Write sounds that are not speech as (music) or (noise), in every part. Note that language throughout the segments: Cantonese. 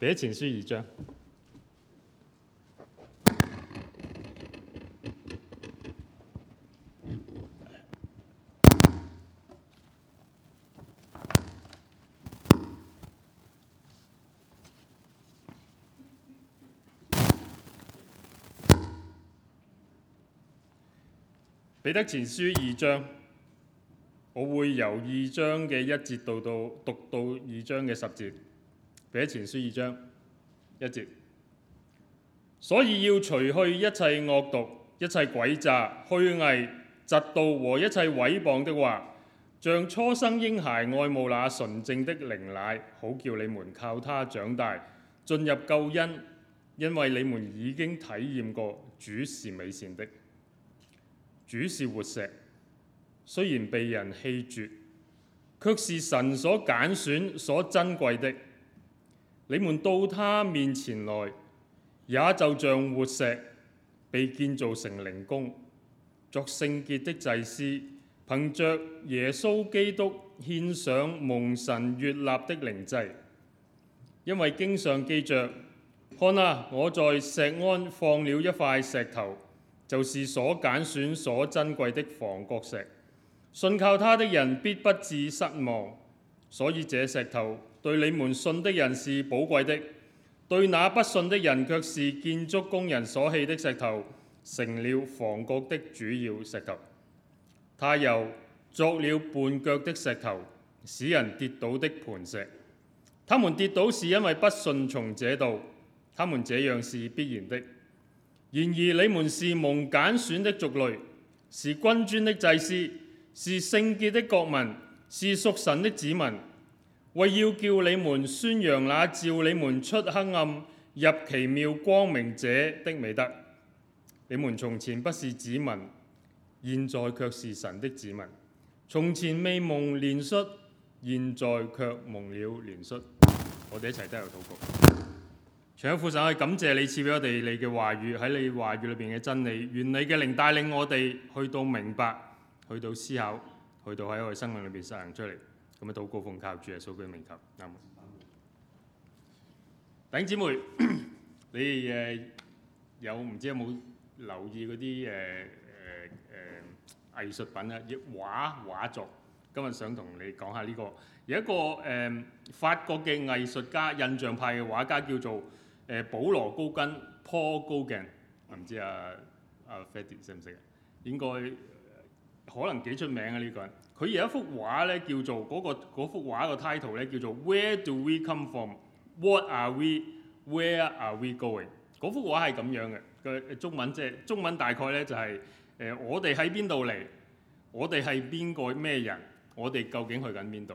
彼得前書二章。彼得前書二章，我會由二章嘅一節讀到讀到二章嘅十節。彼得前書二章一節，所以要除去一切惡毒、一切詭詐、虛偽、嫉妒和一切毀謗的話，像初生嬰孩愛慕那純正的靈奶，好叫你們靠他長大，進入救恩，因為你們已經體驗過主是美善的，主是活石，雖然被人棄絕，卻是神所揀選、所珍貴的。你們到他面前來，也就像活石被建造成靈宮，作聖潔的祭司，憑着耶穌基督獻上蒙神悅納的靈祭。因為經上記着：「看啊，我在錫安放了一塊石頭，就是所揀選、所珍貴的房角石。信靠他的人必不致失望。」所以這石頭，對你們信的人是寶貴的，對那不信的人卻是建築工人所棄的石頭，成了房角的主要石頭。他又作了絆腳的石頭，使人跌倒的磐石。他們跌倒是因為不順從這道，他們這樣是必然的。然而你們是蒙揀選的族類，是君尊的祭司，是聖潔的國民，是屬神的子民。為要叫你們宣揚那召你們出黑暗入奇妙光明者的美德，你們從前不是子民，現在却是神的子民；從前未蒙憐恤，現在却蒙了憐恤。 (noise) 我哋一齊低頭禱告。全副手，愛，感謝你賜俾我哋你嘅話語，喺你話語裏邊嘅真理，願你嘅靈帶領我哋去到明白，去到思考，去到喺我哋生命裏邊實行出嚟。咁樣到高峯靠住啊數據彙集。阿頂姐妹，你誒有唔知有冇留意嗰啲誒誒誒藝術品啊，亦畫畫作。今日想同你講下呢個，有一個誒法國嘅藝術家，印象派嘅畫家叫做誒保羅高更 （Paul Gauguin）。我唔知啊，阿 Ferdie 識唔識啊？應該。可能幾出名啊！呢、這個人，佢有一幅畫咧，叫做嗰、那個幅畫嘅 title 咧，叫做 Where do we come from? What are we? Where are we going？幅畫係咁樣嘅，嘅中文即、就、係、是、中文大概咧就係誒我哋喺邊度嚟？我哋係邊個咩人？我哋究竟去緊邊度？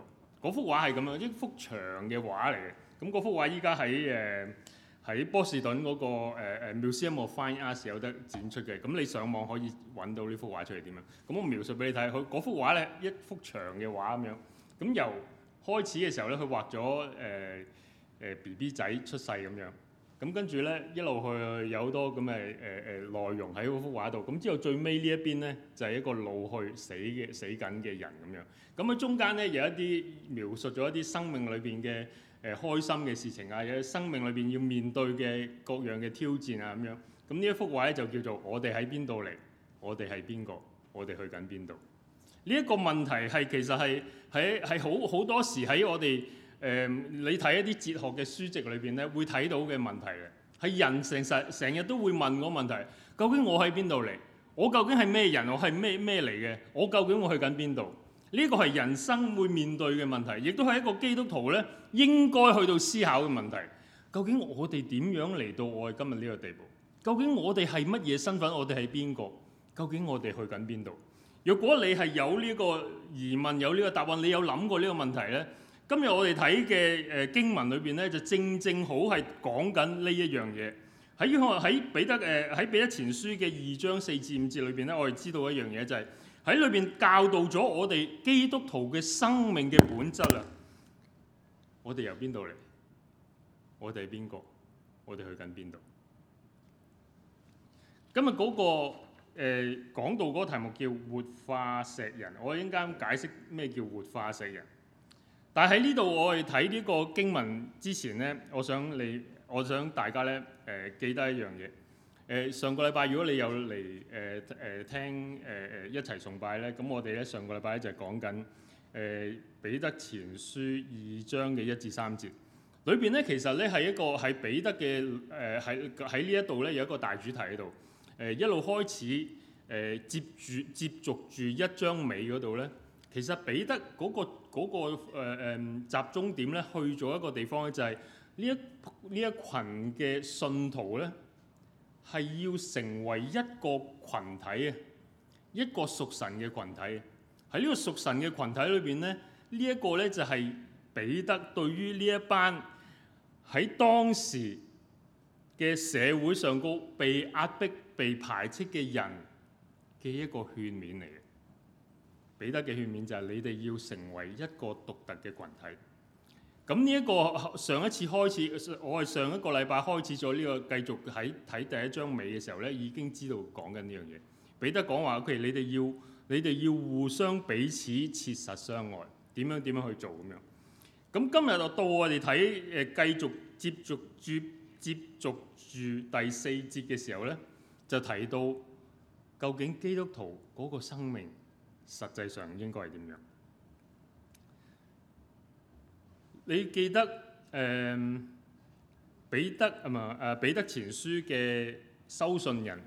幅畫係咁樣，一幅長嘅畫嚟嘅。咁、那個、幅畫依家喺誒。呃喺波士頓嗰個誒 Museum of Fine Arts 有得展出嘅，咁你上網可以揾到呢幅畫出嚟點樣？咁我描述俾你睇，佢嗰幅畫咧一幅長嘅畫咁樣，咁由開始嘅時候咧，佢畫咗誒誒 B B 仔出世咁樣，咁跟住咧一路去有好多咁嘅誒誒內容喺嗰幅畫度，咁之後最尾呢一邊咧就係一個老去死嘅死緊嘅人咁樣，咁喺中間咧有一啲描述咗一啲生命裏邊嘅。誒開心嘅事情啊，有生命裏邊要面對嘅各樣嘅挑戰啊，咁樣咁呢一幅畫咧就叫做我哋喺邊度嚟？我哋係邊個？我哋去緊邊度？呢一、這個問題係其實係喺係好好多時喺我哋誒、呃、你睇一啲哲學嘅書籍裏邊咧會睇到嘅問題嘅，係人成實成日都會問個問題：究竟我喺邊度嚟？我究竟係咩人？我係咩咩嚟嘅？我究竟我去緊邊度？呢個係人生會面對嘅問題，亦都係一個基督徒咧應該去到思考嘅問題。究竟我哋點樣嚟到我哋今日呢個地步？究竟我哋係乜嘢身份？我哋係邊個？究竟我哋去緊邊度？若果你係有呢個疑問，有呢個答案，你有諗過呢個問題咧？今日我哋睇嘅誒經文裏邊咧，就正正好係講緊呢一樣嘢。喺我喺彼得誒喺彼得前書嘅二章四至五節裏邊咧，我哋知道一樣嘢就係、是。喺裏邊教導咗我哋基督徒嘅生命嘅本質啊！我哋由邊度嚟？我哋係邊個？我哋去緊邊度？今日嗰個誒講到嗰個題目叫活化石人，我一陣間解釋咩叫活化石人。但喺呢度我哋睇呢個經文之前咧，我想你，我想大家咧誒、呃、記得一樣嘢。誒、呃、上個禮拜如果你有嚟誒誒聽誒誒、呃、一齊崇拜咧，咁我哋咧上個禮拜咧就係講緊誒彼得前書二章嘅一至三節，裏邊咧其實咧係一個係彼得嘅誒喺喺呢一度咧有一個大主題喺度，誒、呃、一路開始誒、呃、接住接住住一章尾嗰度咧，其實彼得嗰個嗰、嗰個、嗰個呃嗯、集中點咧去咗一個地方咧，就係、是、呢一呢一群嘅信徒咧。係要成為一個群體啊！一個屬神嘅群體，喺呢個屬神嘅群體裏邊咧，呢一個咧就係彼得對於呢一班喺當時嘅社會上個被壓迫、被排斥嘅人嘅一個勸勉嚟嘅。彼得嘅勸勉就係你哋要成為一個獨特嘅群體。咁呢一個上一次開始，我係上一個禮拜開始咗呢個繼續喺睇第一章尾嘅時候呢，已經知道講緊呢樣嘢。彼得講話，譬如你哋要你哋要互相彼此切實相愛，點樣點樣去做咁樣。咁今日就到我哋睇誒繼續接續住接續住第四節嘅時候呢就提到究竟基督徒嗰個生命實際上應該係點樣？你記得誒彼得啊嘛？誒彼得前書嘅收信人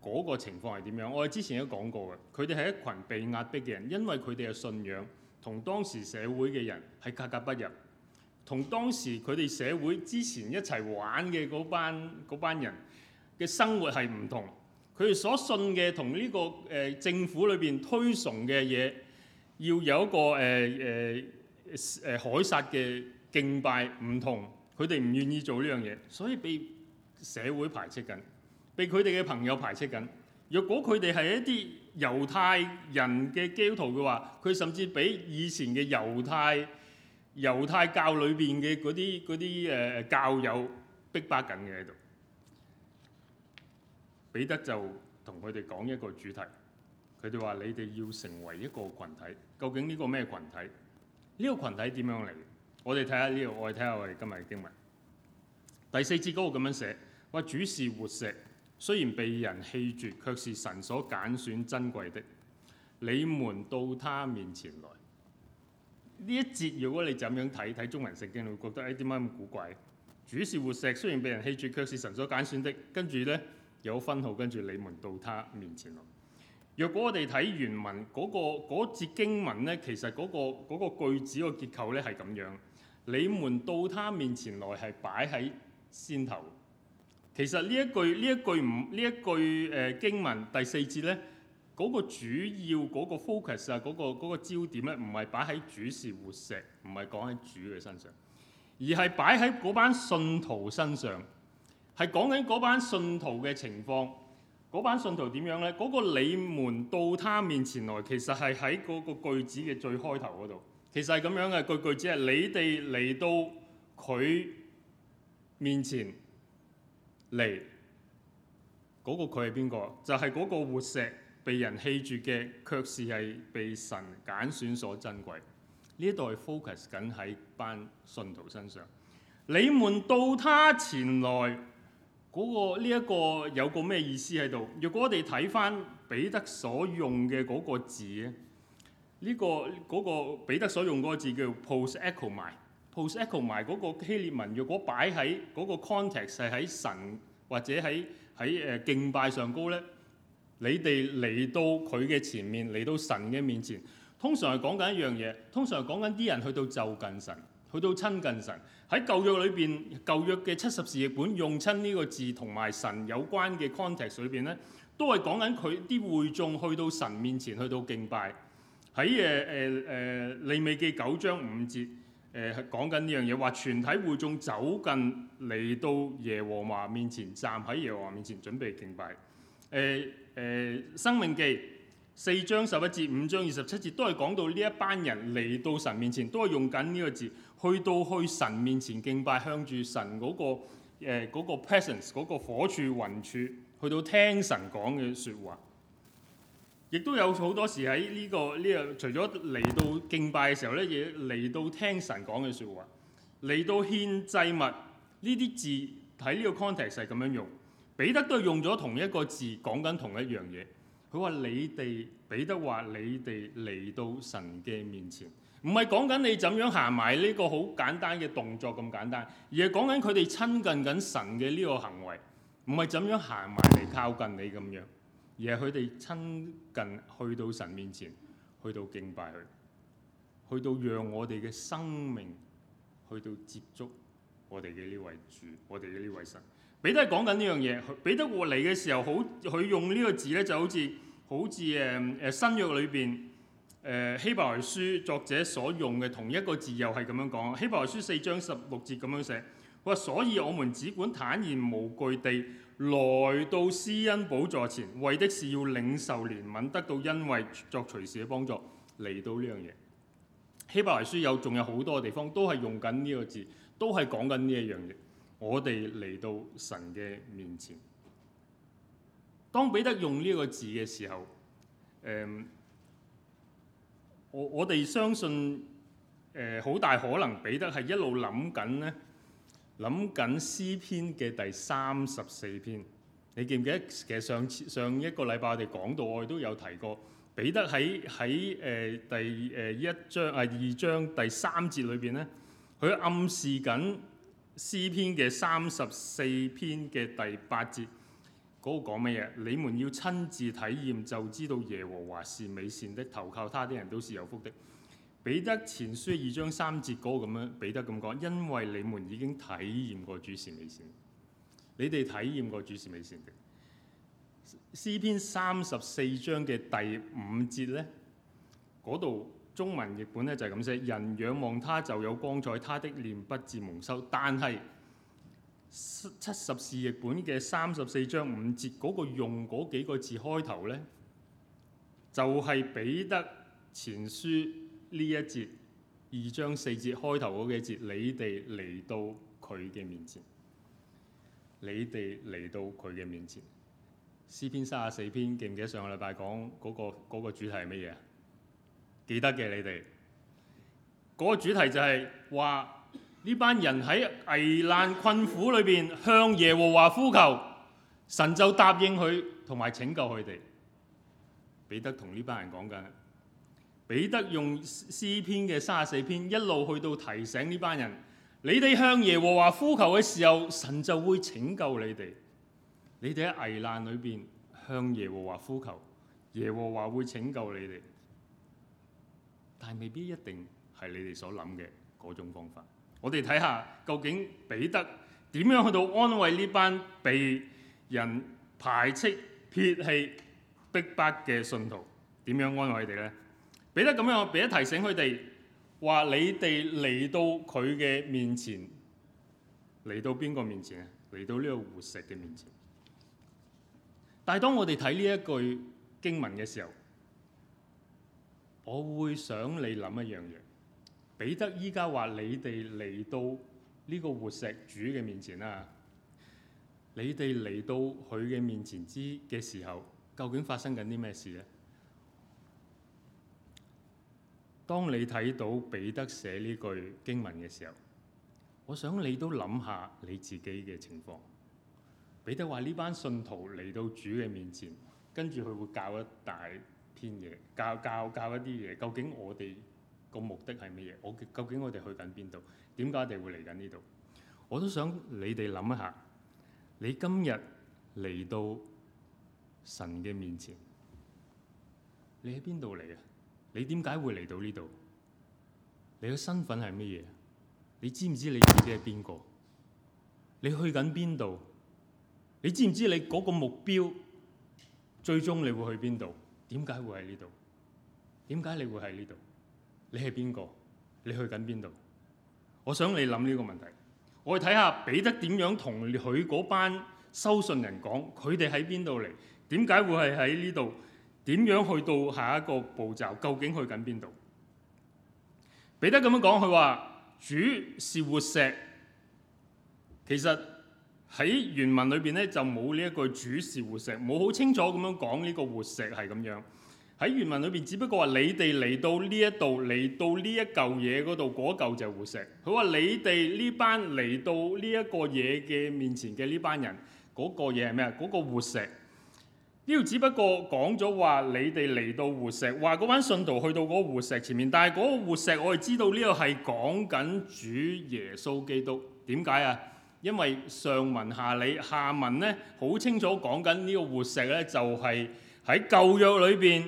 嗰個情況係點樣？我哋之前都講過嘅，佢哋係一群被壓迫嘅人，因為佢哋嘅信仰同當時社會嘅人係格格不入，同當時佢哋社會之前一齊玩嘅嗰班嗰班人嘅生活係唔同，佢哋所信嘅同呢個誒、呃、政府裏邊推崇嘅嘢要有一個誒誒。呃呃誒海撒嘅敬拜唔同，佢哋唔願意做呢樣嘢，所以被社會排斥緊，被佢哋嘅朋友排斥緊。若果佢哋係一啲猶太人嘅基督徒嘅話，佢甚至俾以前嘅猶太猶太教裏邊嘅嗰啲啲誒教友逼巴緊嘅喺度。彼得就同佢哋講一個主題，佢哋話：你哋要成為一個群體，究竟呢個咩群體？呢個群體點樣嚟？我哋睇下呢度，我哋睇下我哋今日嘅經文。第四節嗰個咁樣寫：話主是活石，雖然被人棄絕，卻是神所揀選、珍貴的。你們到他面前來。呢一節如果你就咁樣睇，睇中文聖經你會覺得誒點解咁古怪？主是活石，雖然被人棄絕，卻是神所揀選的。跟住呢，有分號，跟住你們到他面前來。若果我哋睇原文嗰、那個嗰節經文咧，其實嗰、那個那個句子個結構咧係咁樣，你們到他面前來係擺喺先頭。其實呢一句呢一句唔呢一句誒、呃、經文第四節咧，嗰、那個主要嗰、那個 focus 啊、那、嗰、個那個焦點咧，唔係擺喺主是活石，唔係講喺主嘅身上，而係擺喺嗰班信徒身上，係講緊嗰班信徒嘅情況。嗰班信徒點樣咧？嗰、那個你們到他面前來，其實係喺嗰個句子嘅最開頭嗰度，其實係咁樣嘅句句子，係你哋嚟到佢面前嚟，嗰、那個佢係邊個，就係、是、嗰個活石，被人棄絕嘅，卻是係被神揀選所珍貴。呢一度係 focus 緊，喺班信徒身上，你們到他前來。嗰呢一個有個咩意思喺度？若果我哋睇翻彼得所用嘅嗰個字咧，呢、這個嗰、那個彼得所用嗰個字叫 proserchomai proserchomai 嗰個希臘文，若果擺喺嗰個 context 係喺神或者喺喺誒敬拜上高咧，你哋嚟到佢嘅前面，嚟到神嘅面前，通常係講緊一樣嘢，通常係講緊啲人去到就近神。去到親近神，喺舊約裏邊，舊約嘅七十士譯本用親呢個字，同埋神有關嘅 context 裏邊咧，都係講緊佢啲會眾去到神面前，去到敬拜，喺誒誒誒利未記九章五節誒講緊呢樣嘢，話全體會眾走近，嚟到耶和華面前，站喺耶和華面前準備敬拜誒誒，呃呃、申命記四章十一節、五章二十七節都係講到呢一班人嚟到神面前，都係用緊呢個字。去到去神面前敬拜向、那個，向住神嗰個誒嗰個 presence 嗰個火柱雲柱去到聽神講嘅說話，亦都有好多時喺呢、這個呢、這個除咗嚟到敬拜嘅時候咧，亦嚟到聽神講嘅說話，嚟到獻祭物呢啲字喺呢個 context 係咁樣用。彼得都係用咗同一個字講緊同一樣嘢。佢話你哋，彼得話你哋嚟到神嘅面前。唔係講緊你怎樣行埋呢個好簡單嘅動作咁簡單，而係講緊佢哋親近緊神嘅呢個行為。唔係怎樣行埋嚟靠近你咁樣，而係佢哋親近去到神面前，去到敬拜佢，去到讓我哋嘅生命去到接觸我哋嘅呢位主，我哋嘅呢位神。彼得係講緊呢樣嘢，彼得過嚟嘅時候好，佢用呢個字咧就好似好似誒誒新約裏邊。誒、uh，希伯來書作者所用嘅同一個字又係咁樣講，希伯來書四章十六節咁樣寫，佢話所以我們只管坦然無懼地來到施恩寶座前，為的是要領受憐憫，得到恩惠作隨時嘅幫助，嚟到呢樣嘢。希伯來書有仲有好多地方都係用緊呢個字，都係講緊呢一樣嘢。我哋嚟到神嘅面前，當彼得用呢個字嘅時候，誒、嗯。我我哋相信，誒、呃、好大可能彼得係一路諗緊咧，諗緊詩篇嘅第三十四篇。你記唔記得？其實上次上一個禮拜我哋講到我哋都有提過，彼得喺喺誒第誒一章啊二、呃、章第三節裏邊咧，佢暗示緊詩篇嘅三十四篇嘅第八節。嗰個講咩嘢？你們要親自體驗，就知道耶和華是美善的，投靠他的人都是有福的。彼得前書二章三節嗰個，咁樣彼得咁講，因為你們已經體驗過主是美善，你哋體驗過主是美善的。詩篇三十四章嘅第五節呢，嗰度中文譯本呢就係、是、咁寫：人仰望他就有光彩，他的臉不自蒙羞。但係七十士譯本嘅三十四章五節嗰個用嗰幾個字開頭咧，就係、是、彼得前書呢一節二章四節開頭嗰幾節，你哋嚟到佢嘅面前，你哋嚟到佢嘅面前。詩篇三十四篇記唔記得上個禮拜講嗰、那個那個主題係乜嘢啊？記得嘅你哋，嗰、那個主題就係、是、話。呢班人喺危難困苦裏邊向耶和華呼求，神就答應佢同埋拯救佢哋。彼得同呢班人講緊，彼得用詩篇嘅三十四篇一路去到提醒呢班人：你哋向耶和華呼求嘅時候，神就會拯救你哋。你哋喺危難裏邊向耶和華呼求，耶和華會拯救你哋，但係未必一定係你哋所諗嘅嗰種方法。我哋睇下究竟彼得點樣去到安慰呢班被人排斥、撇棄、逼迫嘅信徒，點樣安慰佢哋咧？彼得咁樣，彼得提醒佢哋話，你哋嚟到佢嘅面前，嚟到邊個面前啊？嚟到呢個活石嘅面前。但係當我哋睇呢一句經文嘅時候，我會想你諗一樣嘢。彼得依家話：你哋嚟到呢個活石主嘅面前啦，啊，你哋嚟到佢嘅面前知嘅時候，究竟發生緊啲咩事咧？當你睇到彼得寫呢句經文嘅時候，我想你都諗下你自己嘅情況。彼得話：呢班信徒嚟到主嘅面前，跟住佢會教一大篇嘢，教教教一啲嘢。究竟我哋？個目的係乜嘢？我究竟我哋去緊邊度？點解我哋會嚟緊呢度？我都想你哋諗一下，你今日嚟到神嘅面前，你喺邊度嚟啊？你點解會嚟到呢度？你嘅身份係乜嘢？你知唔知你自己係邊個？你去緊邊度？你知唔知你嗰個目標最終你會去邊度？點解會喺呢度？點解你會喺呢度？你係邊個？你去緊邊度？我想你諗呢個問題。我去睇下彼得點樣同佢嗰班收信人講，佢哋喺邊度嚟？點解會係喺呢度？點樣去到下一個步驟？究竟去緊邊度？彼得咁樣講，佢話主是活石。其實喺原文裏邊咧就冇呢一個主是活石，冇好清楚咁樣講呢個活石係咁樣。喺原文裏邊，只不過話你哋嚟到呢一度，嚟到呢一嚿嘢嗰度，嗰嚿就係活石。佢話你哋呢班嚟到呢一個嘢嘅面前嘅呢班人，嗰個嘢係咩啊？嗰個活石。呢度只不過講咗話你哋嚟到活石，話嗰班信徒去到嗰個活石前面。但係嗰個活石，我哋知道呢個係講緊主耶穌基督。點解啊？因為上文下理，下文呢好清楚講緊呢個活石呢，就係喺舊約裏邊。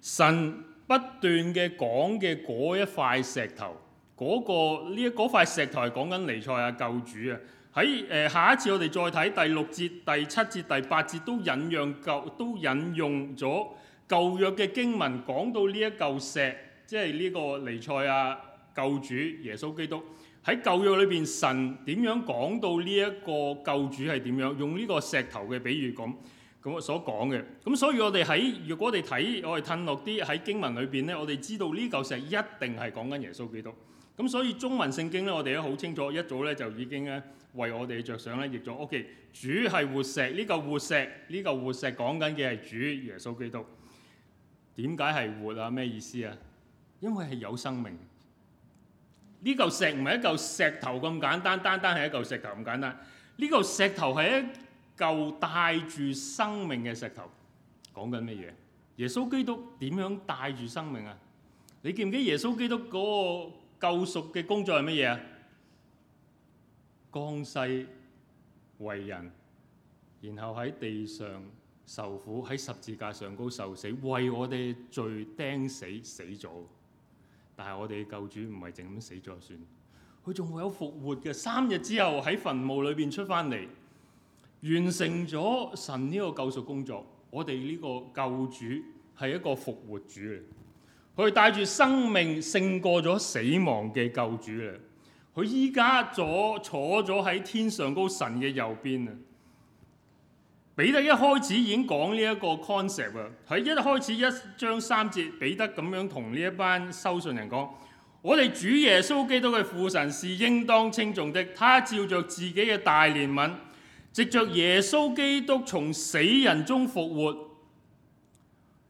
神不斷嘅講嘅嗰一塊石、那個、塊石頭，嗰個呢一塊石頭係講緊彌賽亞救主啊，喺、呃、誒下一次我哋再睇第六節、第七節、第八節都引用舊都引用咗舊約嘅經文講到呢一舊石，即係呢個彌賽亞救主耶穌基督喺舊約裏邊神點樣講到呢一個救主係點樣用呢個石頭嘅比喻講？咁我所講嘅，咁所以我哋喺，如果我哋睇，我哋褪落啲喺經文裏邊咧，我哋知道呢嚿石一定係講緊耶穌基督。咁所以中文聖經咧，我哋都好清楚，一早咧就已經咧為我哋着想咧，譯咗。O.K. 主係活石，呢嚿活石，呢嚿活石講緊嘅係主耶穌基督。點解係活啊？咩意思啊？因為係有生命。呢嚿石唔係一嚿石頭咁簡單，單單係一嚿石頭咁簡單。呢嚿石頭係一舊帶住生命嘅石頭，講緊乜嘢？耶穌基督點樣帶住生命啊？你記唔記耶穌基督嗰個救贖嘅工作係乜嘢啊？降世為人，然後喺地上受苦，喺十字架上高受死，為我哋罪釘死死咗。但係我哋救主唔係淨咁死咗就算，佢仲會有復活嘅。三日之後喺墳墓裏邊出翻嚟。完成咗神呢個救贖工作，我哋呢個救主係一個復活主嚟，佢帶住生命勝過咗死亡嘅救主嚟，佢依家坐坐咗喺天上高神嘅右邊啊！彼得一開始已經講呢一個 concept 啊，喺一開始一章三節，彼得咁樣同呢一班收信人講：我哋主耶穌基督嘅父神是應當稱頌的，他照着自己嘅大憐憫。藉著耶穌基督從死人中復活，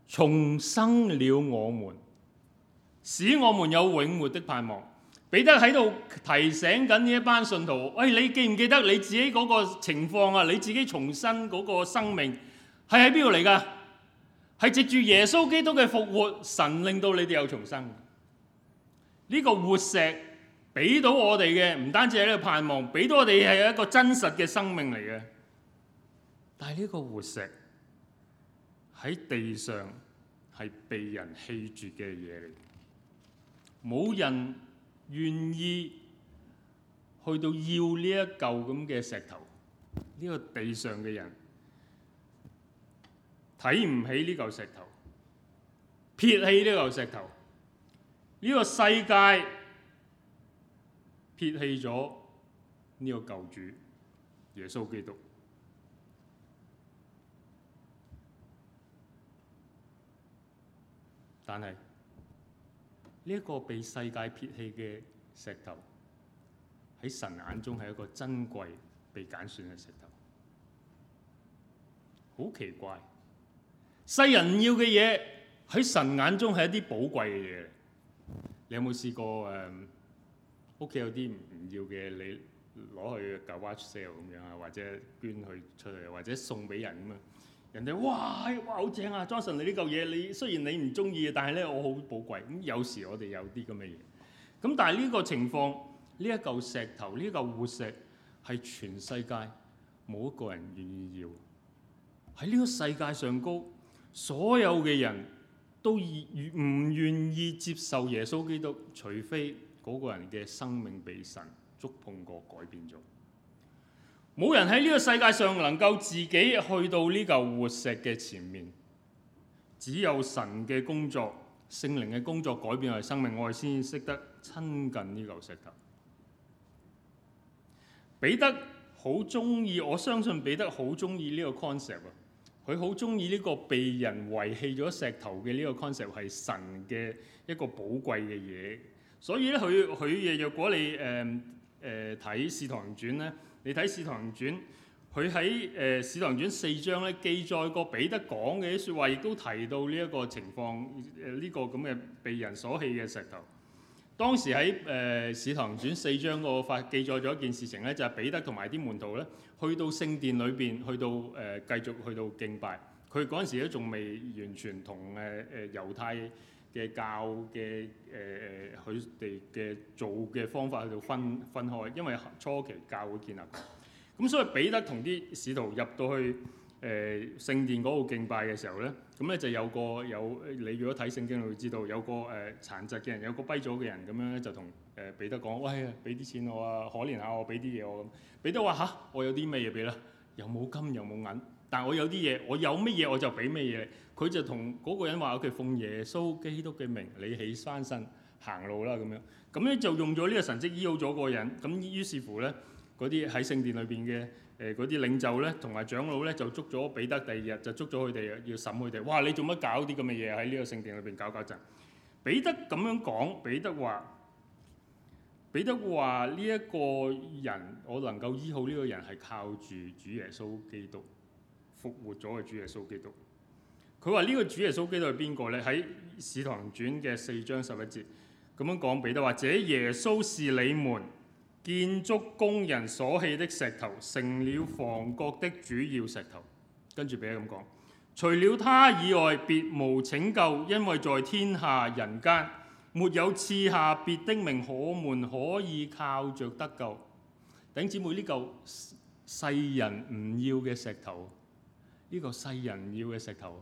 重生了我們，使我們有永活的盼望。彼得喺度提醒緊呢一班信徒，哎，你記唔記得你自己嗰個情況啊？你自己重生嗰個生命係喺邊度嚟㗎？係藉住耶穌基督嘅復活，神令到你哋又重生。呢個活石。俾到我哋嘅唔單止係呢個盼望，俾到我哋係一個真實嘅生命嚟嘅。但係呢個活石喺地上係被人棄絕嘅嘢嚟，冇人願意去到要呢一嚿咁嘅石頭。呢個地上嘅人睇唔起呢嚿石頭，撇棄呢嚿石頭。呢個世界。撇棄咗呢個救主耶穌基督，但係呢一個被世界撇棄嘅石頭，喺神眼中係一個珍貴、被揀選嘅石頭。好奇怪，世人要嘅嘢，喺神眼中係一啲寶貴嘅嘢。你有冇試過誒？屋企有啲唔要嘅，你攞去舊 watch sale 咁樣啊，或者捐去出去，或者送俾人咁啊。人哋哇，哇好正啊！Johnson，你呢嚿嘢你雖然你唔中意，但係咧我好寶貴。咁有時我哋有啲咁嘅嘢。咁但係呢個情況，呢一嚿石頭，呢一嚿活石係全世界冇一個人願意要。喺呢個世界上高，所有嘅人都唔願意接受耶穌基督，除非。嗰個人嘅生命被神觸碰過，改變咗。冇人喺呢個世界上能夠自己去到呢嚿活石嘅前面，只有神嘅工作、聖靈嘅工作改變我哋生命，我哋先識得親近呢嚿石頭。彼得好中意，我相信彼得好中意呢個 concept 啊！佢好中意呢個被人遺棄咗石頭嘅呢個 concept 係神嘅一個寶貴嘅嘢。所以咧，佢佢若若果你誒誒睇《使徒行傳》咧，你睇《使徒行傳》，佢喺誒《使徒行傳》四章咧，記載過彼得講嘅啲説話，亦都提到呢一個情況，誒、這、呢個咁嘅被人所棄嘅石頭。當時喺誒《使徒行傳》四章個法記載咗一件事情咧，就係、是、彼得同埋啲門徒咧，去到聖殿裏邊，去到誒繼續去到敬拜。佢嗰陣時咧，仲未完全同誒誒猶太。嘅教嘅誒誒，佢哋嘅做嘅方法喺度分分開，因為初期教會建立，咁、嗯、所以彼得同啲使徒入到去誒、呃、聖殿嗰度敬拜嘅時候咧，咁、嗯、咧就有個有你如果睇聖經會知道有個誒、呃、殘疾嘅人，有個跛咗嘅人咁樣咧就同誒彼得講：喂、呃、啊，俾啲、哎、錢我啊，可憐下我，俾啲嘢我咁。彼得話吓，我有啲咩嘢俾啦？又冇金又冇銀。但我有啲嘢，我有乜嘢我就俾乜嘢。佢就同嗰個人話，佢奉耶穌基督嘅名，你起翻身行路啦咁樣。咁咧就用咗呢個神跡醫好咗個人。咁於是乎咧，嗰啲喺聖殿裏邊嘅誒嗰啲領袖咧，同埋長老咧就捉咗彼得。第二日就捉咗佢哋，要審佢哋。「哇！你做乜搞啲咁嘅嘢喺呢個聖殿裏邊搞搞震？」彼得咁樣講，彼得話：彼得話呢一個人，我能夠醫好呢個人係靠住主耶穌基督。復活咗嘅主耶穌基督，佢話呢個主耶穌基督係邊個呢？喺《史唐行傳》嘅四章十一節咁樣講俾，得話：這耶穌是你們建築工人所棄的石頭，成了房角的主要石頭。跟住俾佢咁講，除了他以外，別無拯救，因為在天下人間沒有次下別的名，可們可以靠着得救。頂姊妹呢嚿、這個、世人唔要嘅石頭。呢個世人要嘅石頭，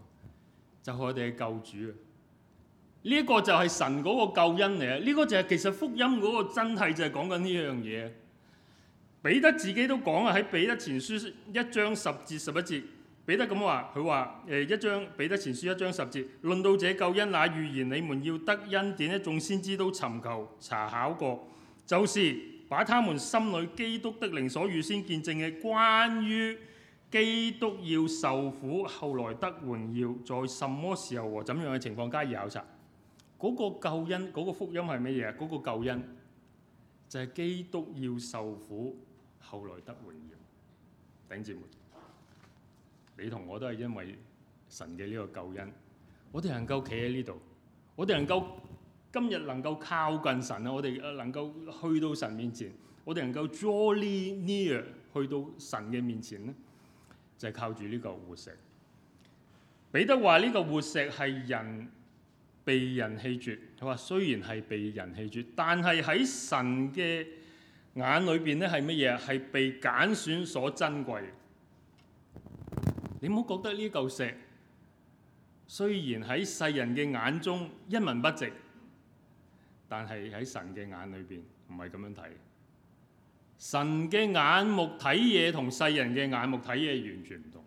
就係、我哋嘅救主啊！呢、呢、一個就係神嗰個救恩嚟啊！呢、呢個就係、係、其實福音嗰個真係就係講緊呢樣嘢。彼得自己都講啊，喺彼得前書一章十至十一節，彼得咁話：佢話誒一章彼得前書一章十節，論到這救恩那預言，你們要得恩典呢眾先知都尋求查考過，就是把他們心裡基督的靈所預先見證嘅關於。基督要受苦，後來得榮耀，在什麼時候和怎樣嘅情況加以考察？嗰、那個救恩，嗰、那個福音係乜嘢？嗰、那個救恩就係基督要受苦，後來得榮耀。頂住門，你同我都係因為神嘅呢個救恩，我哋能夠企喺呢度，我哋能夠今日能夠靠近神啊！我哋能夠去到神面前，我哋能夠 draw near 去到神嘅面前咧。就係靠住呢個活石，彼得話呢個活石係人被人棄絕。佢話雖然係被人棄絕，但係喺神嘅眼裏邊咧係乜嘢？係被揀選所珍貴。你冇覺得呢嚿石雖然喺世人嘅眼中一文不值，但係喺神嘅眼裏邊唔係咁樣睇。神嘅眼目睇嘢同世人嘅眼目睇嘢完全唔同，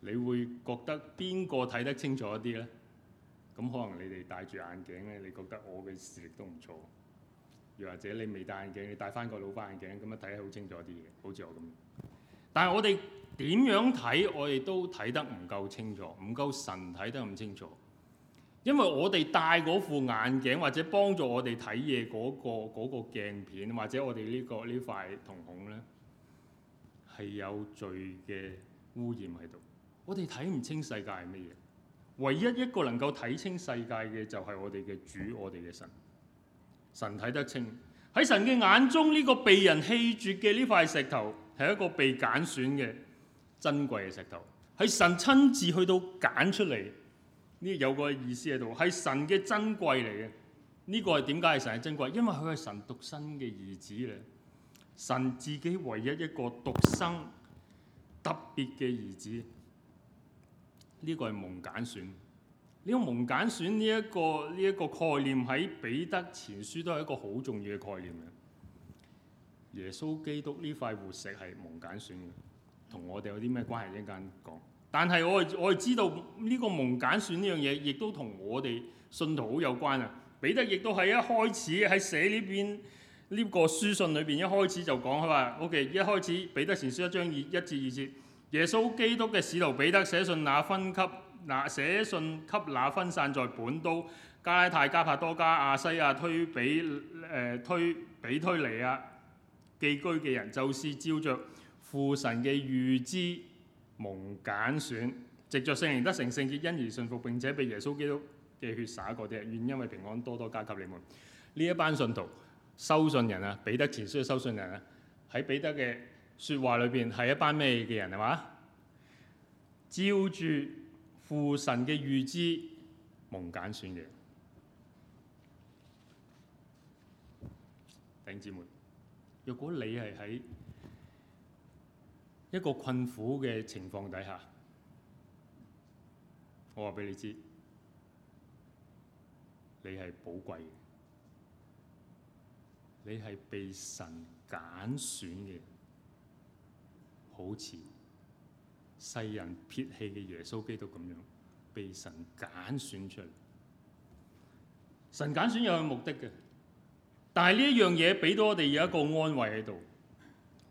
你會覺得邊個睇得清楚一啲呢？咁可能你哋戴住眼鏡咧，你覺得我嘅視力都唔錯，又或者你未戴眼鏡，你戴翻個老花眼鏡，咁樣睇好清楚啲嘢，好似我咁。但係我哋點樣睇，我哋都睇得唔夠清楚，唔夠神睇得咁清楚。因為我哋戴嗰副眼鏡，或者幫助我哋睇嘢嗰個嗰個鏡片，或者我哋呢個呢塊瞳孔呢，係有罪嘅污染喺度。我哋睇唔清世界係乜嘢。唯一一個能夠睇清世界嘅就係我哋嘅主，我哋嘅神。神睇得清。喺神嘅眼中，呢個被人棄絕嘅呢塊石頭係一個被揀選嘅珍貴嘅石頭。係神親自去到揀出嚟。呢有個意思喺度，係神嘅珍貴嚟嘅。呢個係點解係神嘅珍貴？因為佢係神獨生嘅兒子嚟，神自己唯一一個獨生特別嘅兒子，呢個係蒙揀選。呢個蒙揀選呢一個呢一個概念喺彼得前書都係一個好重要嘅概念嘅。耶穌基督呢塊活石係蒙揀選嘅，同我哋有啲咩關係？一陣講。但係我係我係知道呢個蒙揀選呢樣嘢，亦都同我哋信徒好有關啊！彼得亦都係一開始喺寫呢篇呢個書信裏邊一開始就講佢話：O.K. 一開始彼得前書一章一至二節，耶穌基督嘅使徒彼得寫信那分給那寫信給那分散在本都、加拉太、加帕多加、亞西亞推、呃、推比誒推比推尼亞寄居嘅人，就是照著父神嘅預知。蒙揀選，藉着聖靈得成聖潔，因而信服，並且被耶穌基督嘅血灑過啲，願因為平安多多加給你們。呢一班信徒，收信人啊，彼得前書嘅收信人啊，喺彼得嘅說話裏邊係一班咩嘅人係嘛？照住父神嘅預知，蒙揀選嘅。弟兄姊妹，若果你係喺，一個困苦嘅情況底下，我話俾你知，你係寶貴嘅，你係被神揀選嘅，好似世人撇棄嘅耶穌基督咁樣，被神揀選出嚟。神揀選有佢目的嘅，但係呢一樣嘢俾到我哋有一個安慰喺度。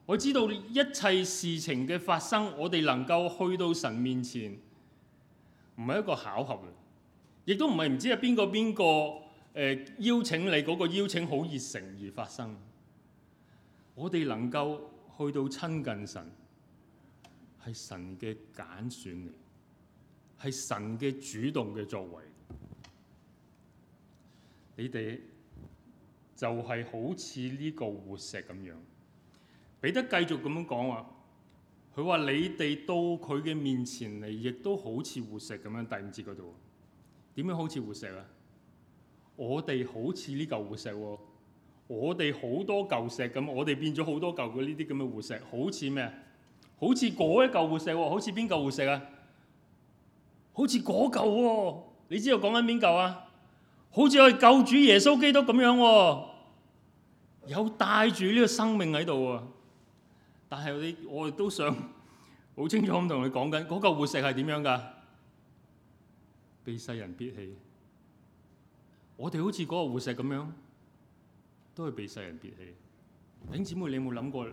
我知道一切事情嘅發生，我哋能夠去到神面前，唔係一個巧合，亦都唔係唔知係邊個邊個誒，邀請你嗰個邀請好熱誠而發生。我哋能夠去到親近神，係神嘅揀選嚟，係神嘅主動嘅作為。你哋就係好似呢個活石咁樣。彼得繼續咁樣講話、啊，佢話你哋到佢嘅面前嚟，亦都好似活石咁樣。第五節嗰度點樣好似活石啊？我哋好似呢嚿活石喎、啊，我哋好多嚿石咁，我哋變咗好多嚿呢啲咁嘅活石，好似咩啊？好似嗰一嚿活石喎，好似邊嚿活石啊？好似嗰嚿喎，你知道講緊邊嚿啊？好似我哋救主耶穌基督咁樣喎、啊，有帶住呢個生命喺度啊！但係我哋都想好清楚咁同你講緊，嗰嚿活石係點樣㗎？被世人撇棄，我哋好似嗰個活石咁樣，都係被世人撇棄。頂姊妹，你有冇諗過？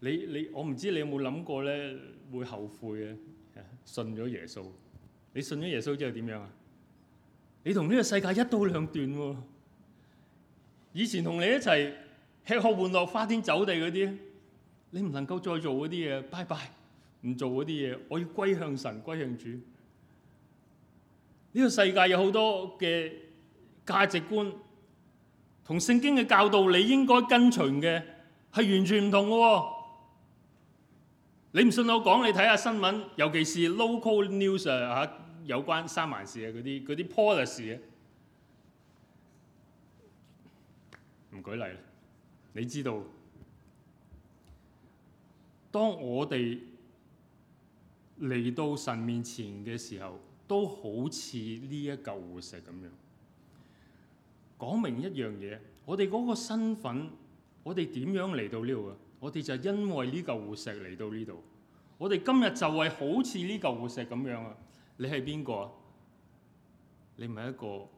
你你我唔知你有冇諗過咧，會後悔啊信咗耶穌。你信咗耶穌之後點樣啊？你同呢個世界一刀兩斷喎！以前同你一齊吃喝玩樂、花天酒地嗰啲。你唔能夠再做嗰啲嘢，拜拜，唔做嗰啲嘢，我要歸向神，歸向主。呢、這個世界有好多嘅價值觀，同聖經嘅教導你該、哦，你應該跟隨嘅係完全唔同嘅喎。你唔信我講，你睇下新聞，尤其是 local news 啊嚇，有關三藩市啊嗰啲嗰啲 politics 嘅，唔舉例啦，你知道。當我哋嚟到神面前嘅時候，都好似呢一嚿活石咁樣，講明一樣嘢。我哋嗰個身份，我哋點樣嚟到呢度啊？我哋就因為呢嚿活石嚟到呢度。我哋今日就係好似呢嚿活石咁樣啊！你係邊個啊？你唔係一個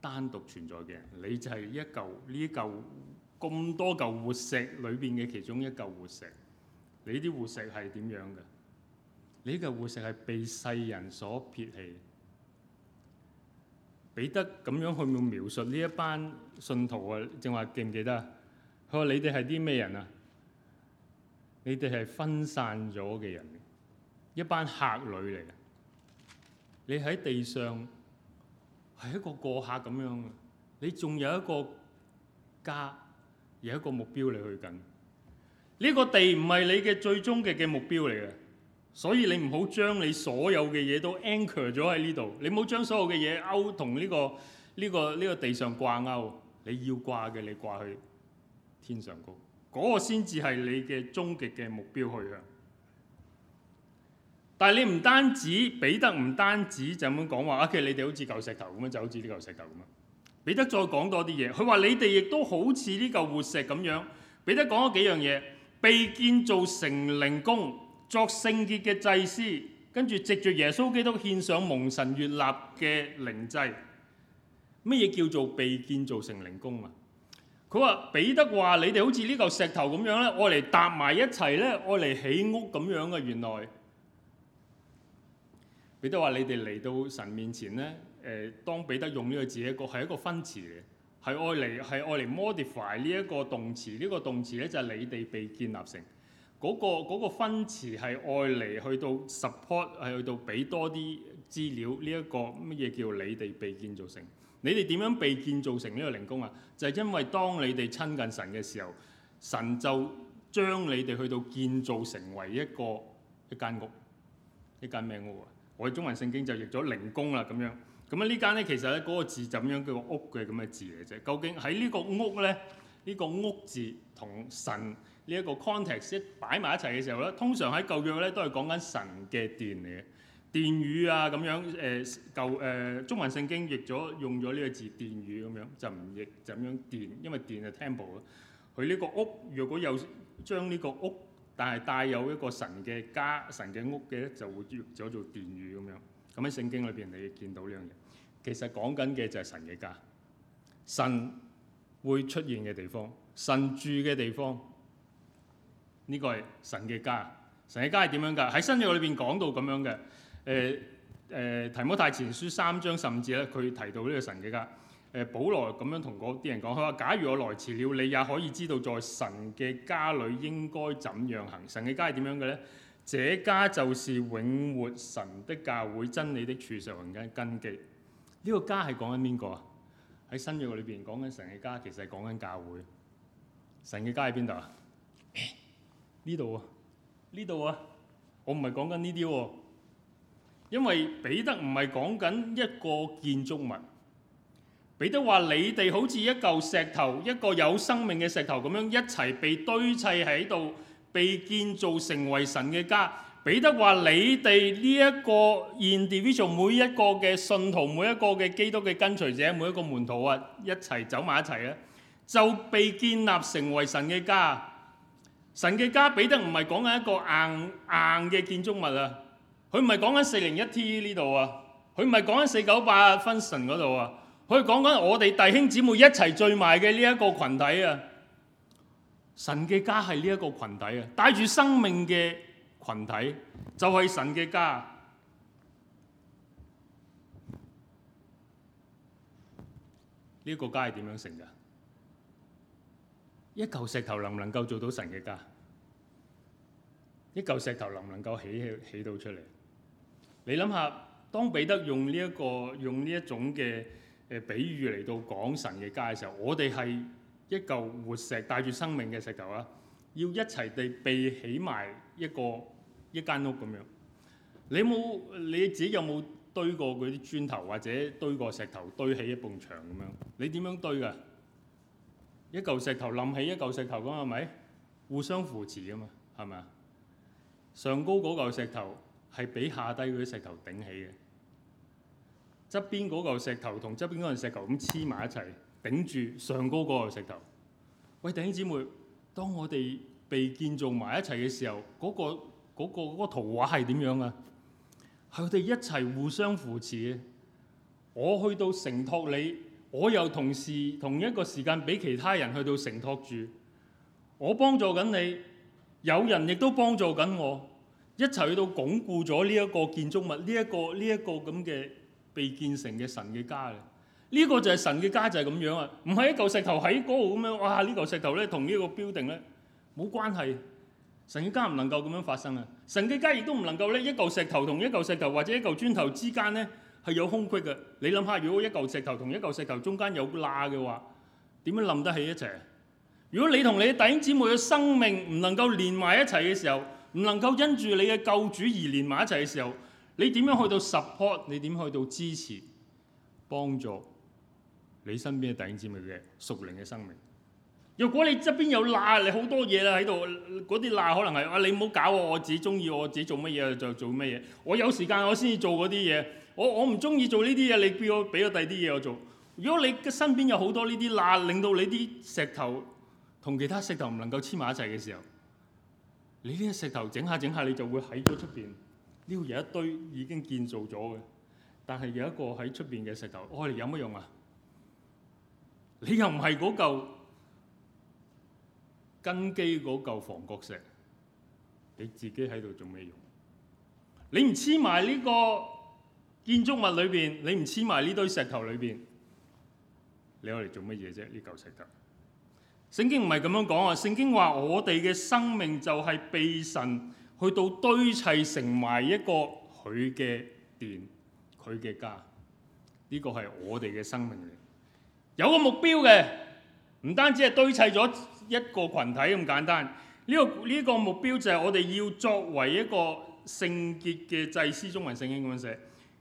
單獨存在嘅人，你就係一嚿呢嚿咁多嚿活石裏邊嘅其中一嚿活石。你啲活石係點樣嘅？你嘅活石係被世人所撇棄，彼得咁樣去描述呢一班信徒啊，正話記唔記得啊？佢話你哋係啲咩人啊？你哋係分散咗嘅人，一班客旅嚟嘅。你喺地上係一個過客咁樣嘅，你仲有一個家，有一個目標你去緊。呢個地唔係你嘅最終極嘅目標嚟嘅，所以你唔好將你所有嘅嘢都 anchor 咗喺呢度，你冇將所有嘅嘢勾同呢、這個呢、這個呢、這個地上掛勾，你要掛嘅你掛去天上高，嗰、那個先至係你嘅終極嘅目標去向。但係你唔單止彼得唔單止就咁講話啊，其實你哋好似嚿石頭咁樣，就好似呢嚿石頭咁樣。彼得再講多啲嘢，佢話你哋亦都好似呢嚿活石咁樣。彼得講咗幾樣嘢。被建造成靈宮，作聖潔嘅祭司，跟住藉住耶穌基督獻上蒙神悅納嘅靈祭。乜嘢叫做被建造成靈宮啊？佢話彼得話，你哋好似呢嚿石頭咁樣咧，愛嚟搭埋一齊咧，愛嚟起屋咁樣嘅。原來彼得話你哋嚟到神面前咧，誒，當彼得用呢個字一個係一個分詞嘅。係愛嚟係愛嚟 modify 呢一個動詞，呢、這個動詞咧就係你哋被建立成嗰、那個那個分詞係愛嚟去到 support 係去到俾多啲資料呢一、這個乜嘢叫你哋被建造成？你哋點樣被建造成呢個靈工啊？就係、是、因為當你哋親近神嘅時候，神就將你哋去到建造成為一個一間屋、一間咩屋啊！我哋中文聖經就譯咗靈工啊咁樣。咁呢間咧其實咧嗰個字就咁叫嘅屋嘅咁嘅字嚟啫。究竟喺呢個屋咧，呢、呢個屋字同神呢一個 context 擺埋一齊嘅時候咧，通常喺舊約咧都係講緊神嘅殿嚟嘅殿宇啊咁樣，誒舊誒中文聖經譯咗用咗呢個字殿宇咁樣就唔譯就咁樣殿，因為殿係 temple 咯。佢呢個屋若果有將呢個屋，但係帶有一個神嘅家、神嘅屋嘅咧，就會譯咗做殿宇咁樣。咁喺聖經裏邊你見到呢樣嘢。其實講緊嘅就係神嘅家，神會出現嘅地方，神住嘅地方，呢、這個係神嘅家。神嘅家係點樣㗎？喺新約裏邊講到咁樣嘅誒誒，提摩太前書三章，甚至咧佢提到呢個神嘅家。誒、呃、保羅咁樣同嗰啲人講，佢話：假如我來遲了，你也可以知道在神嘅家裏應該怎樣行。神嘅家係點樣嘅咧？這家就是永活神的教會，真理的柱石和根基。呢個家係講緊邊個啊？喺新約裏邊講緊神嘅家，其實係講緊教會。神嘅家喺邊度啊？呢度啊？呢度啊？我唔係講緊呢啲喎，因為彼得唔係講緊一個建築物。彼得話：你哋好似一嚿石頭，一個有生命嘅石頭咁樣，一齊被堆砌喺度，被建造成為神嘅家。彼得話你哋呢一個現 division 每一個嘅信徒每一個嘅基督嘅跟隨者每一個門徒啊一齊走埋一齊啊就被建立成為神嘅家。神嘅家彼得唔係講緊一個硬硬嘅建築物啊，佢唔係講緊四零一 T 呢度啊，佢唔係講緊四九八 function 嗰度啊，佢係講緊我哋弟兄姊妹一齊聚埋嘅呢一個群體啊。神嘅家係呢一個群體啊，帶住生命嘅。群體就係、是、神嘅家，呢、這個家係點樣成㗎？一嚿石頭能唔能夠做到神嘅家？一嚿石頭能唔能夠起起到出嚟？你諗下，當彼得用呢、這、一個用呢一種嘅誒比喻嚟到講神嘅家嘅時候，我哋係一嚿活石，帶住生命嘅石頭啊，要一齊地被起埋一個，一間屋咁樣，你冇你自己有冇堆過嗰啲磚頭，或者堆過石頭堆起一埲牆咁樣？你點樣堆㗎？一嚿石頭冧起一嚿石頭咁係咪？互相扶持啊嘛，係咪啊？上高嗰嚿石頭係俾下低嗰啲石頭頂起嘅，側邊嗰嚿石頭同側邊嗰嚿石頭咁黐埋一齊，頂住上高嗰嚿石頭。喂，弟兄姊妹，當我哋被建造埋一齊嘅時候，嗰、嗰個。嗰個嗰個圖畫係點樣啊？係佢哋一齊互相扶持。我去到承托你，我又同時同一個時間俾其他人去到承托住。我幫助緊你，有人亦都幫助緊我。一齊去到鞏固咗呢一個建築物，呢一個呢一個咁嘅被建成嘅神嘅家嚟。呢個就係神嘅家就係咁樣啊！唔係一嚿石頭喺嗰度咁樣。哇！呢嚿石頭咧同呢個 building 咧冇關係。神嘅家唔能夠咁樣發生啊！神嘅家亦都唔能夠呢一嚿石頭同一嚿石頭或者一嚿磚頭之間呢係有空隙嘅。你諗下，如果一嚿石頭同一嚿石頭中間有罅嘅話，點樣冧得起一齊？如果你同你弟兄姊妹嘅生命唔能夠連埋一齊嘅時候，唔能夠因住你嘅救主而連埋一齊嘅時候，你點樣去到 support？你點去到支持幫助你身邊弟兄姊妹嘅屬靈嘅生命？如果你側邊有罅，你好多嘢啦喺度，嗰啲罅可能係啊，你唔好搞我，我自己中意，我自己做乜嘢就做乜嘢。我有時間我先至做嗰啲嘢，我我唔中意做呢啲嘢，你俾我俾我第二啲嘢我做。如果你嘅身邊有好多呢啲罅，令到你啲石頭同其他石頭唔能夠黐埋一齊嘅時候，你呢個石頭整下整下你就會喺咗出邊，呢度有一堆已經建造咗嘅，但係有一個喺出邊嘅石頭，我哋有乜用啊？你又唔係嗰嚿根基嗰嚿房角石，你自己喺度做咩用？你唔黐埋呢個建築物裏邊，你唔黐埋呢堆石頭裏邊，你攞嚟做乜嘢啫？呢嚿石頭，聖經唔係咁樣講啊！聖經話我哋嘅生命就係被神去到堆砌成埋一個佢嘅殿、佢嘅家，呢個係我哋嘅生命嚟，有個目標嘅。唔單止係堆砌咗一個群體咁簡單，呢、這個呢、這個目標就係我哋要作為一個聖潔嘅祭司，中文聖經噉樣寫，文還是英文寫，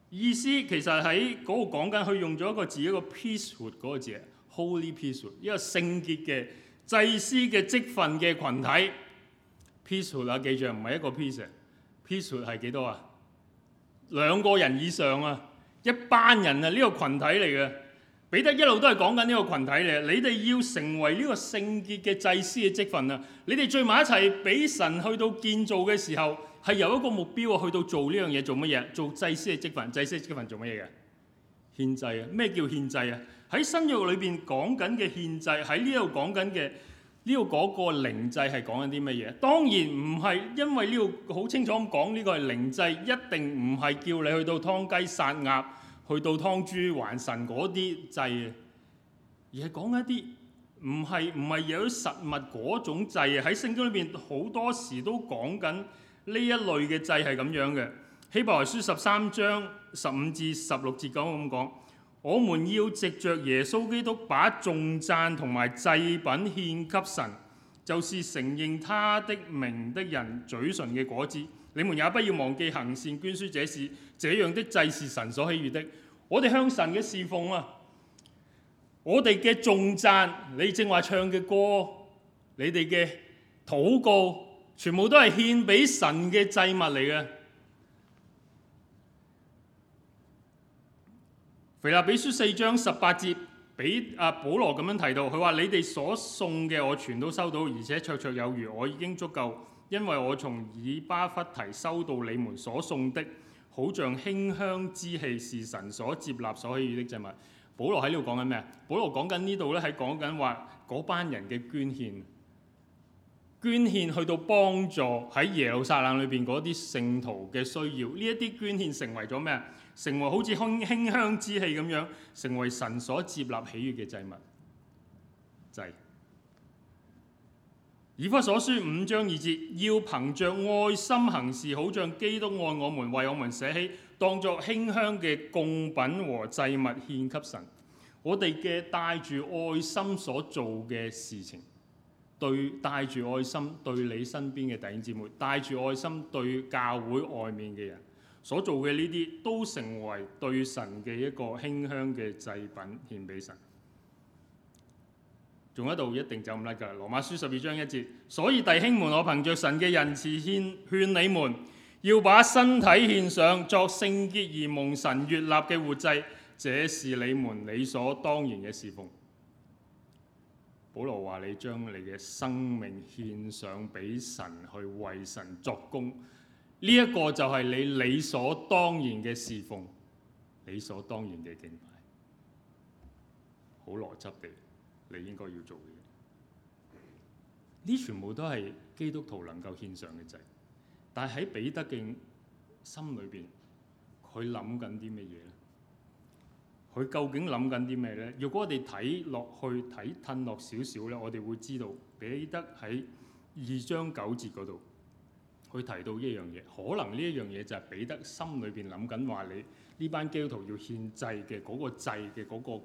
意思其實喺嗰度講緊佢用咗一個字，一個 priesthood 嗰個字，Holy priesthood 一個聖潔嘅祭司嘅職份嘅群體 priesthood，啊記住唔係一個 priest，priesthood 係幾多啊？兩個人以上啊，一班人啊，呢、這個群體嚟嘅。彼得一路都係講緊呢個羣體咧，你哋要成為呢個聖潔嘅祭司嘅職分啊！你哋聚埋一齊，俾神去到建造嘅時候，係有一個目標啊，去到做呢樣嘢做乜嘢？做祭司嘅職分，祭司職分做乜嘢？獻祭啊！咩叫獻祭啊？喺新約裏邊講緊嘅獻祭，喺呢度講緊嘅呢度嗰個靈祭係講緊啲乜嘢？當然唔係因為呢度好清楚咁講呢個靈祭，一定唔係叫你去到劏雞殺鴨。去到劏豬還神嗰啲祭，而係講緊一啲唔係唔係有實物嗰種祭。喺聖經裏邊好多時都講緊呢一類嘅祭係咁樣嘅。希伯來書十三章十五至十六節講咁講，我們要藉着耶穌基督把頌讚同埋祭品獻給神，就是承認他的名的人嘴唇嘅果子。你們也不要忘記行善捐輸這事。這樣的祭是神所喜悅的，我哋向神嘅侍奉啊，我哋嘅重讚，你正話唱嘅歌，你哋嘅禱告，全部都係獻俾神嘅祭物嚟嘅。腓立比書四章十八節，俾阿保羅咁樣提到，佢話：你哋所送嘅我全都收到，而且綽綽有餘，我已經足夠，因為我從以巴弗提收到你們所送的。好像馨香之氣是神所接納所喜悅的祭物。保羅喺呢度講緊咩啊？保羅講緊呢度咧，喺講緊話嗰班人嘅捐獻，捐獻去到幫助喺耶路撒冷裏邊嗰啲聖徒嘅需要。呢一啲捐獻成為咗咩？成為好似馨馨香之氣咁樣，成為神所接納喜悅嘅祭物，祭。以弗所書五章二節，要憑着愛心行事，好像基督愛我們，為我們捨起，當作馨香嘅供品和祭物獻給神。我哋嘅帶住愛心所做嘅事情，對帶住愛心對你身邊嘅弟兄姊妹，帶住愛心對教會外面嘅人所做嘅呢啲，都成為對神嘅一個馨香嘅祭品獻俾神。仲喺度一定走唔甩噶，《羅馬書》十二章一節，所以弟兄們，我憑着神嘅仁慈勸勸你們，要把身體獻上作聖潔而蒙神悅納嘅活祭，這是你們理所當然嘅侍奉。保羅話：你將你嘅生命獻上俾神去為神作工。呢一個就係你理所當然嘅侍奉，理所當然嘅敬拜，好邏輯地。你應該要做嘅嘢，呢全部都係基督徒能夠獻上嘅祭。但係喺彼得嘅心裏邊，佢諗緊啲乜嘢咧？佢究竟諗緊啲咩咧？如果我哋睇落去睇褪落少少咧，我哋會知道彼得喺二章九節嗰度，佢提到一樣嘢，可能呢一樣嘢就係彼得心裏邊諗緊話：你呢班基督徒要獻祭嘅嗰個祭嘅嗰個。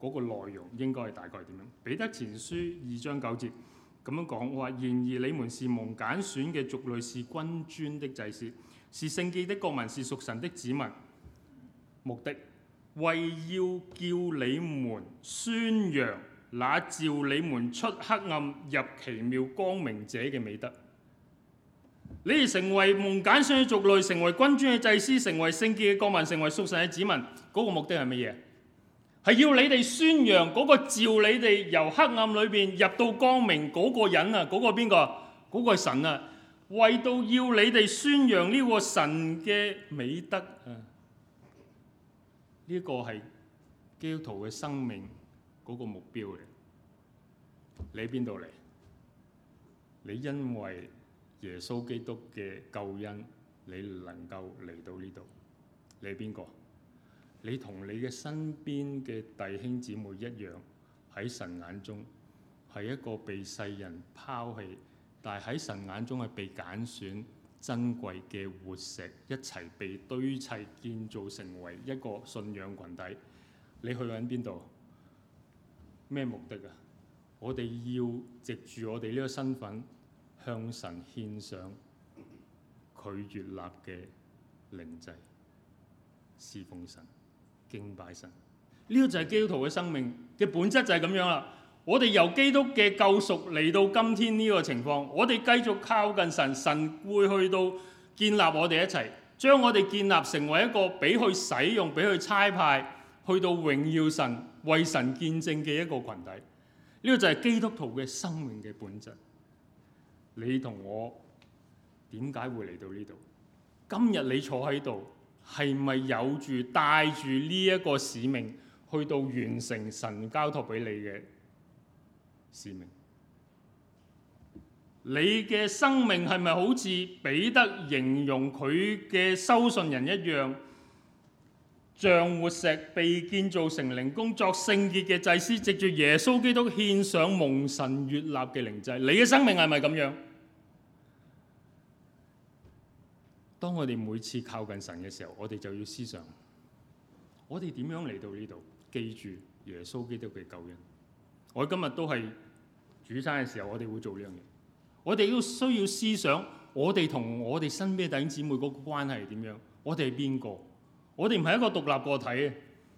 嗰個內容應該係大概係點樣？彼得前書二章九節咁樣講，我話：然而你們是蒙揀選嘅族類，是君尊的祭司，是聖潔的國民，是屬神的子民。目的為要叫你們宣揚那召你們出黑暗入奇妙光明者嘅美德。你哋成為蒙揀選嘅族類，成為君尊嘅祭司，成為聖潔嘅國民，成為屬神嘅子民，嗰、嗰個目的係乜嘢？係要你哋宣揚嗰個照你哋由黑暗裏邊入到光明嗰個人啊，嗰個係邊個？嗰個係神啊，為到要你哋宣揚呢個神嘅美德啊，呢個係基督徒嘅生命，嗰個目標嚟。你喺邊度嚟？你因為耶穌基督嘅救恩，你能夠嚟到呢度。你係邊個？你同你嘅身邊嘅弟兄姊妹一樣，喺神眼中係一個被世人拋棄，但喺神眼中係被揀選、珍貴嘅活石，一齊被堆砌建造成為一個信仰群體。你去緊邊度？咩目的啊？我哋要藉住我哋呢個身份，向神獻上佢悅納嘅靈祭，事奉神。敬拜神，呢個就係基督徒嘅生命嘅本質，就係咁樣啦。我哋由基督嘅救贖嚟到今天呢個情況，我哋繼續靠近神，神會去到建立我哋一齊，將我哋建立成為一個俾佢使用、俾佢差派，去到榮耀神、為神見證嘅一個群體。呢個就係基督徒嘅生命嘅本質。你同我點解會嚟到呢度？今日你坐喺度。係咪有住帶住呢一個使命去到完成神交託俾你嘅使命？你嘅生命係咪好似彼得形容佢嘅收信人一樣，像活石被建造成靈宮、作聖潔嘅祭司，藉住耶穌基督獻上蒙神悅納嘅靈祭？你嘅生命係咪咁樣？當我哋每次靠近神嘅時候，我哋就要思想，我哋點樣嚟到呢度？記住耶穌基督嘅救恩。我今日都係主餐嘅時候，我哋會做呢樣嘢。我哋都需要思想，我哋同我哋身邊弟兄姊妹嗰個關係係點樣？我哋係邊個？我哋唔係一個獨立個體嘅，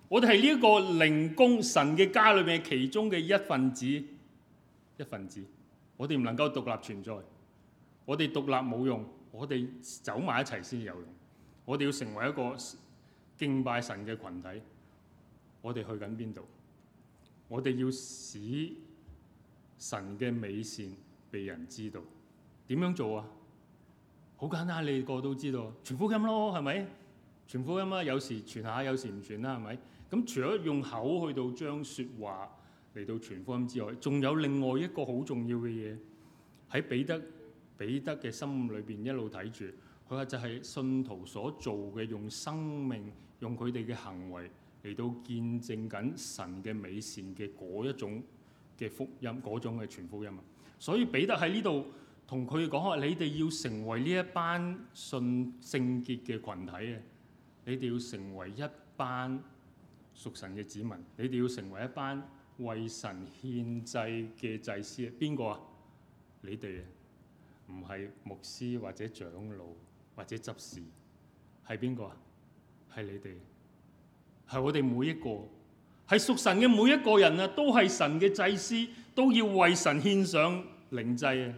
我哋係呢個靈工神嘅家裏面其中嘅一份子，一份子。我哋唔能夠獨立存在，我哋獨立冇用。我哋走埋一齊先有用，我哋要成為一個敬拜神嘅群體。我哋去緊邊度？我哋要使神嘅美善被人知道。點樣做啊？好簡單，你個個都知道，傳福音咯，係咪？傳福音啦、啊，有時傳下，有時唔傳啦，係咪？咁除咗用口去到將説話嚟到傳福音之外，仲有另外一個好重要嘅嘢喺彼得。彼得嘅心裏邊一路睇住，佢話就係信徒所做嘅，用生命，用佢哋嘅行為嚟到見證緊神嘅美善嘅嗰一種嘅福音，嗰種嘅全福音啊。所以彼得喺呢度同佢講話：你哋要成為呢一班信聖潔嘅群體啊！你哋要成為一班屬神嘅子民，你哋要成為一班為神獻祭嘅祭司啊！邊個啊？你哋啊！唔係牧師或者長老或者執事，係邊個啊？係你哋，係我哋每一個，係屬神嘅每一個人啊！都係神嘅祭司，都要為神獻上靈祭啊！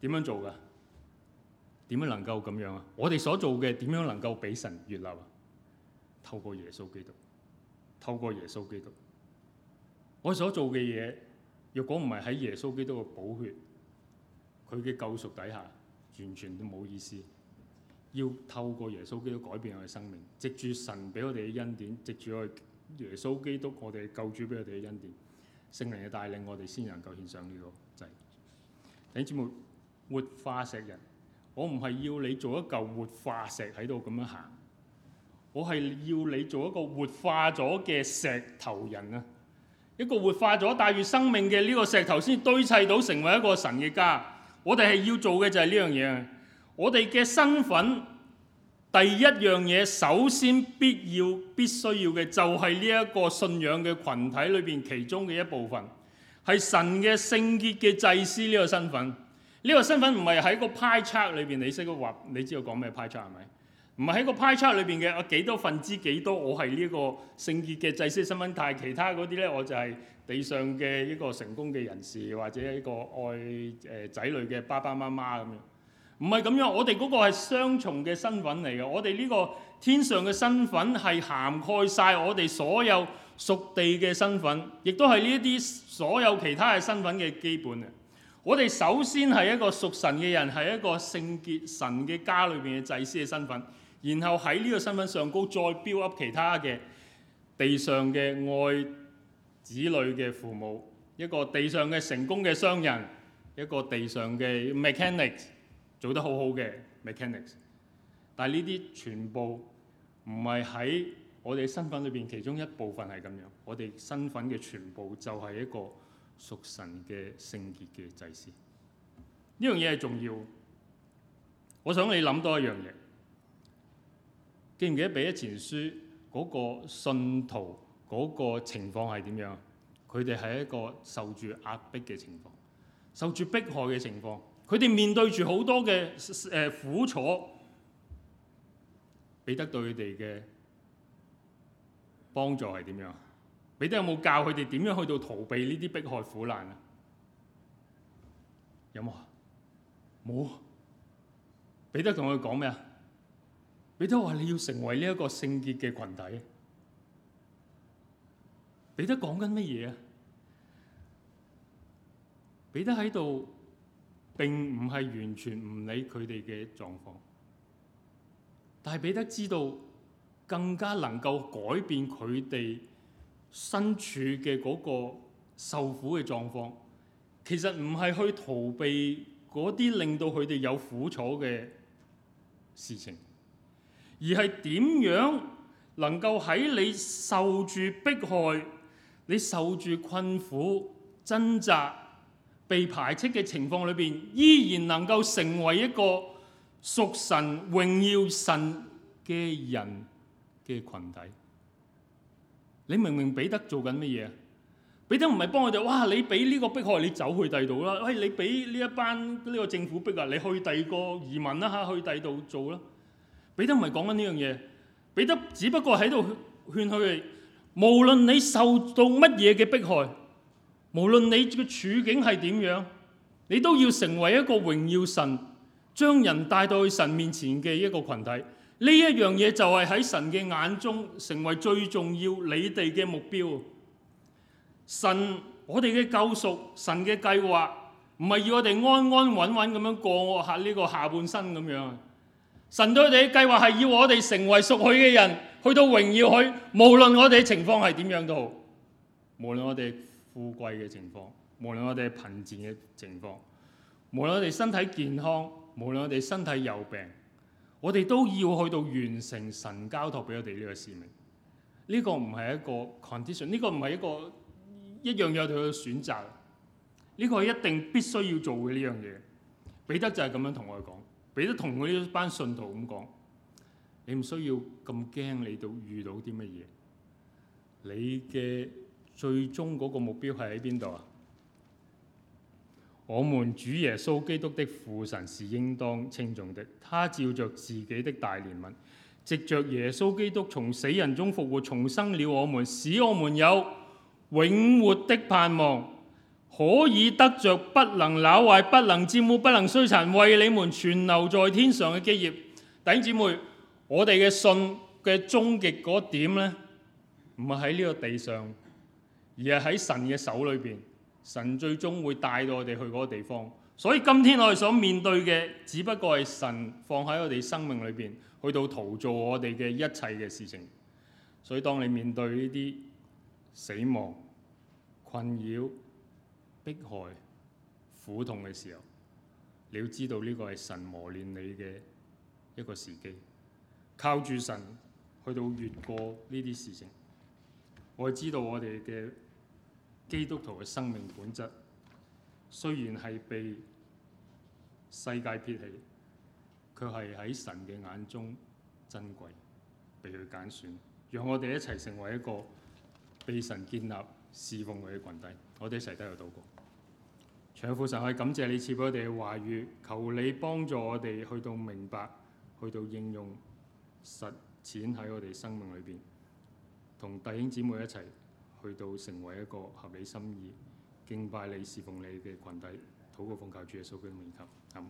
點樣做噶？點樣能夠咁樣啊？我哋所做嘅點樣能夠俾神悅納啊？透過耶穌基督，透過耶穌基督，我所做嘅嘢，若果唔係喺耶穌基督嘅寶血。佢嘅救贖底下，完全都冇意思。要透過耶穌基督改變我哋生命，藉住神俾我哋嘅恩典，藉住我哋耶穌基督我哋救主俾我哋嘅恩典，聖靈嘅帶領我哋先能夠獻上呢個祭。等主牧活化石人，我唔係要你做一嚿活化石喺度咁樣行，我係要你做一個活化咗嘅石頭人啊！一個活化咗帶住生命嘅呢個石頭先堆砌到成為一個神嘅家。我哋係要做嘅就係呢樣嘢。我哋嘅身份第一樣嘢，首先必要必須要嘅就係呢一個信仰嘅群體裏邊其中嘅一部分，係神嘅聖潔嘅祭司呢個身份。呢、這個身份唔係喺個 pie chart 裏邊，你識話，你知道講咩 pie chart 係咪？唔係喺個派 i e 裏邊嘅，有、啊、幾多分之幾多？我係呢一個聖潔嘅祭司身份，但係其他嗰啲呢，我就係地上嘅一個成功嘅人士，或者一個愛誒仔、呃、女嘅爸爸媽媽咁樣。唔係咁樣，我哋嗰個係雙重嘅身份嚟嘅。我哋呢個天上嘅身份係涵蓋晒我哋所有屬地嘅身份，亦都係呢一啲所有其他嘅身份嘅基本啊！我哋首先係一個屬神嘅人，係一個聖潔神嘅家裏邊嘅祭司嘅身份。然後喺呢個身份上高再 build up 其他嘅地上嘅愛子女嘅父母，一個地上嘅成功嘅商人，一個地上嘅 mechanics 做得好好嘅 mechanics，但係呢啲全部唔係喺我哋身份裏邊其中一部分係咁樣，我哋身份嘅全部就係一個屬神嘅聖潔嘅祭司。呢樣嘢係重要，我想你諗多一樣嘢。記唔記得彼一前書嗰個信徒嗰個情況係點樣？佢哋係一個受住壓迫嘅情況，受住迫害嘅情況。佢哋面對住好多嘅誒苦楚，彼得對佢哋嘅幫助係點樣？彼得有冇教佢哋點樣去到逃避呢啲迫害苦難啊？有冇啊？冇。彼得同佢講咩啊？彼得話：你要成為呢一個聖潔嘅群體。彼得講緊乜嘢啊？彼得喺度並唔係完全唔理佢哋嘅狀況，但係彼得知道更加能夠改變佢哋身處嘅嗰個受苦嘅狀況。其實唔係去逃避嗰啲令到佢哋有苦楚嘅事情。而係點樣能夠喺你受住迫害、你受住困苦、掙扎、被排斥嘅情況裏邊，依然能夠成為一個屬神、榮耀神嘅人嘅群體？你明明彼得做緊乜嘢？彼得唔係幫我哋，哇！你俾呢個迫害，你走去第二度啦。喂，你俾呢一班呢個政府逼啊，你去第二個移民啦嚇，去第二度做啦。彼得唔係講緊呢樣嘢，彼得只不過喺度勸佢哋，無論你受到乜嘢嘅迫害，無論你嘅處境係點樣，你都要成為一個榮耀神、將人帶到去神面前嘅一個群體。呢一樣嘢就係喺神嘅眼中成為最重要，你哋嘅目標。神，我哋嘅救贖，神嘅計劃，唔係要我哋安安穩穩咁樣過我下呢個下半生咁樣。神對我哋嘅計劃係要我哋成為屬佢嘅人，去到榮耀佢。無論我哋情況係點樣都好，無論我哋富貴嘅情況，無論我哋係貧賤嘅情況，無論我哋身體健康，無論我哋身體有病，我哋都要去到完成神交託俾我哋呢個使命。呢個唔係一個 condition，呢個唔係一個一樣有佢嘅選擇。呢個係一定必須要做嘅呢樣嘢。彼得就係咁樣同我哋講。彼得同佢呢班信徒咁講，你唔需要咁驚，你到遇到啲乜嘢？你嘅最終嗰個目標係喺邊度啊？我們主耶穌基督的父神是應當稱頌的，他照着自己的大憐憫，藉着耶穌基督從死人中復活，重生了我們，使我們有永活的盼望。可以得着不能朽壞，不能玷污，不能衰殘，為你們存留在天上嘅基業。弟兄姊妹，我哋嘅信嘅終極嗰點呢，唔係喺呢個地上，而係喺神嘅手裏邊。神最終會帶到我哋去嗰個地方。所以今天我哋所面對嘅，只不過係神放喺我哋生命裏邊，去到陶造我哋嘅一切嘅事情。所以當你面對呢啲死亡困擾，迫害、苦痛嘅時候，你要知道呢個係神磨練你嘅一個時機，靠住神去到越過呢啲事情，我知道我哋嘅基督徒嘅生命本質雖然係被世界撇棄，佢係喺神嘅眼中珍貴，被佢揀選，讓我哋一齊成為一個被神建立、侍奉佢嘅群體，我哋一齊都有到過。上父神，我感謝你賜予我哋嘅話語，求你幫助我哋去到明白，去到應用實踐喺我哋生命裏邊，同弟兄姊妹一齊去到成為一個合你心意、敬拜你、侍奉你嘅群體，禱告奉求主耶穌基督，榮幸。